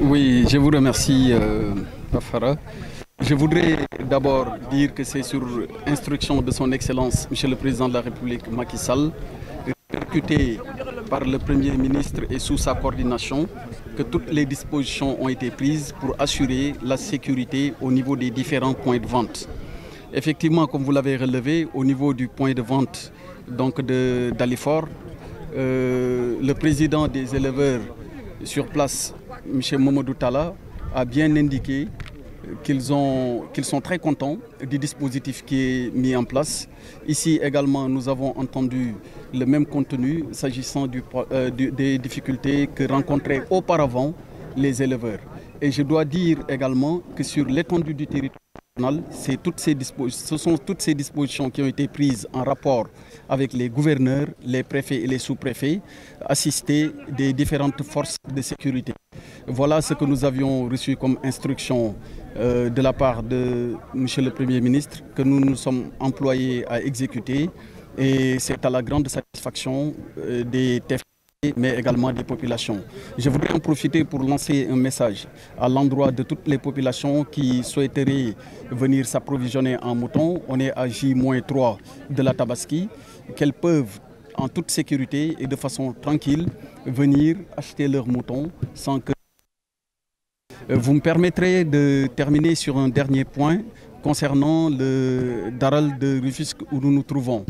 oui je vous remercie euh, Je voudrais d'abord dire que c'est sur instruction de son Excellence, Monsieur le Président de la République Macky Sall, par le Premier ministre et sous sa coordination que toutes les dispositions ont été prises pour assurer la sécurité au niveau des différents points de vente. Effectivement, comme vous l'avez relevé, au niveau du point de vente donc d'Alifort, euh, le président des éleveurs sur place, M. Momodou Tala, a bien indiqué qu'ils sont très contents du dispositif qui est mis en place. Ici également, nous avons entendu le même contenu s'agissant euh, des difficultés que rencontraient auparavant les éleveurs. Et je dois dire également que sur l'étendue du territoire, toutes ce sont toutes ces dispositions qui ont été prises en rapport avec les gouverneurs, les préfets et les sous-préfets, assistés des différentes forces de sécurité. Voilà ce que nous avions reçu comme instruction euh, de la part de M. le Premier ministre, que nous nous sommes employés à exécuter. Et c'est à la grande satisfaction euh, des TFP mais également des populations. Je voudrais en profiter pour lancer un message à l'endroit de toutes les populations qui souhaiteraient venir s'approvisionner en moutons. On est à J-3 de la Tabaski, qu'elles peuvent en toute sécurité et de façon tranquille venir acheter leurs moutons sans que... Vous me permettrez de terminer sur un dernier point concernant le Daral de Rufusque où nous nous trouvons.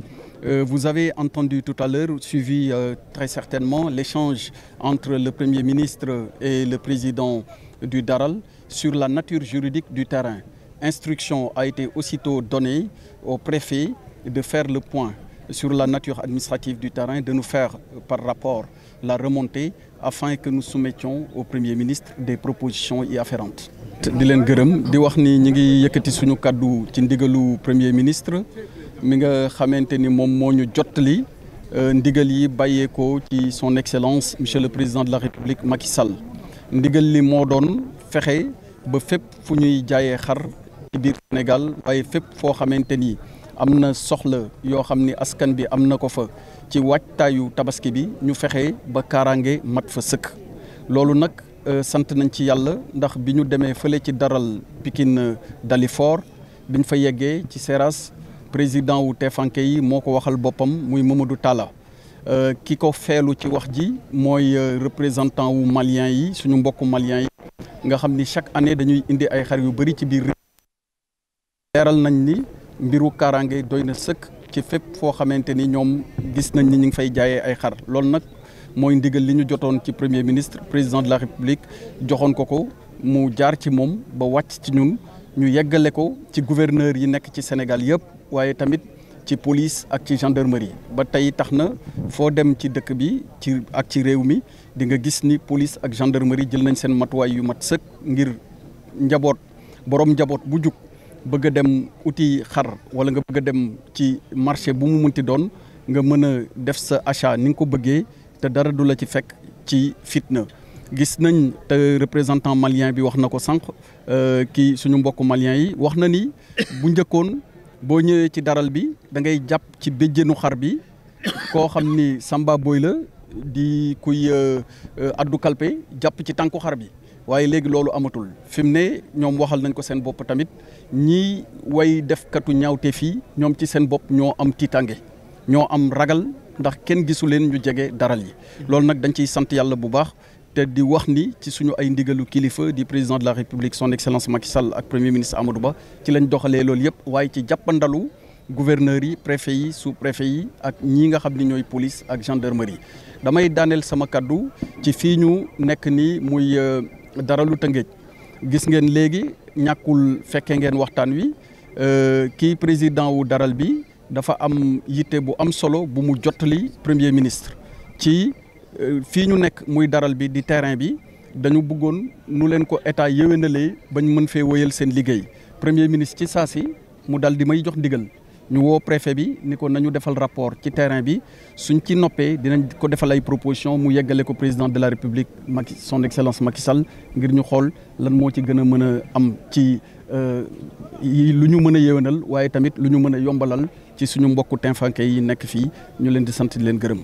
Euh, vous avez entendu tout à l'heure, suivi euh, très certainement l'échange entre le Premier ministre et le président du DARAL sur la nature juridique du terrain. Instruction a été aussitôt donnée au préfet de faire le point sur la nature administrative du terrain, de nous faire euh, par rapport la remontée afin que nous soumettions au Premier ministre des propositions y afférentes. Premier ministre Minga, nga ni Jotli, euh, ndigal son excellence monsieur le président de la république Macky Sall ndigal li moo doon fexe ba fépp fu ñuy xar ci Sénégal waaye fep fo xamanteni ni soxla yo xamni askan bi amna ko fa ci waajtaayu tabaski bi ñu ba karangé mat fa seuk lolu nak euh, sant nañ ci ndax ci daral Pikine Dalifort biñ fa yeggee ci Seras président ou teefanke yi moo ko waxal boppam muy Mamadou Talla euh, ki ko feelu ci wax ji euh, représentant ou malien yi suñu malien yi nga xam chaque année dañuy indi ay xar yu bari ci biir leeral nañ ni mbiru karangé doyna seuk ci fep fo xamanteni ñom gis nañ ni ñu fay jaayee ay xar lool nak moy ndigal li ñu jotoon ci premier ministre président de la république joxoon koko mu jaar ci mom ba wacc ci ñun ñu yeggale ko ci gouverneur yi nek ci Sénégal yépp waaye tamit ci police ak ci gendarmerie ba tey tax na foo dem ci dëkk bi ci ak ci réew mi di nga gis ni police ak gendarmerie jël nañ seen matuwaay yu mat sëkk ngir njaboot borom njaboot bu jug bëgg a dem uti xar wala nga bëgg a dem ci marché bu mu munti doon nga mën a def sa achat ni nga ko bëggee te dara du la ci fekk ci fitna. gis nañ te représentant malien bi wax na ko sànq euh, kii suñu mbokk malien yi wax na ni bu njëkkoon. bo ñëwé ci daral bi da ngay japp ci bejjenu xar bi ko xamni samba boy la di kuy euh, euh, addu kalpé japp ci tanku xar bi waye légui lolu amatul fimné ñom waxal nañ ko seen bop tamit ñi way def katu ñaawté fi ñom ci seen bop ño am titangé ño am ragal ndax kenn gisulen ñu jégué daral yi lolu nak dañ ciy sante yalla bu baax te di wax ni ci suñu ay ndigalu kilifa di président de la république son excellence Macky Sall ak premier ministre Amadou Ba ci lañ doxalé lool yépp waaye ci jappandalu gouverneur yi préfet yi sous préfet yi ak ñi nga xamni ñoy police ak gendarmerie damay danel sama kaddu ci fiñu nek ni muy euh, daralu lu gis ngeen légui ñakul fekkee ngeen waxtaan wi euh, ki président wu daral bi dafa am yité bu am solo bu mu jotali premier ministre ci. fii ñu nekk muy daral bi di terrain bi dañu bëggoon nu leen ko état yéwénalee bañ mën fee woyal seen liggéey premier ministre ci saa si mu dal di may jox ndigal ñu woo préfet bi ni ko nañu defal rapport ci terrain bi suñ ci noppee dinañ ko defal ay proposition mu yeggale ko président de la république Macky son excellence Macky Sall ngir ñu xool lan moo ci gën a mën a am ci euh, lu ñu mën a yéwénal waaye tamit lu ñu mën a yombalal ci suñu mbokku tenfanke yi nekk fii ñu leen di leen gërëm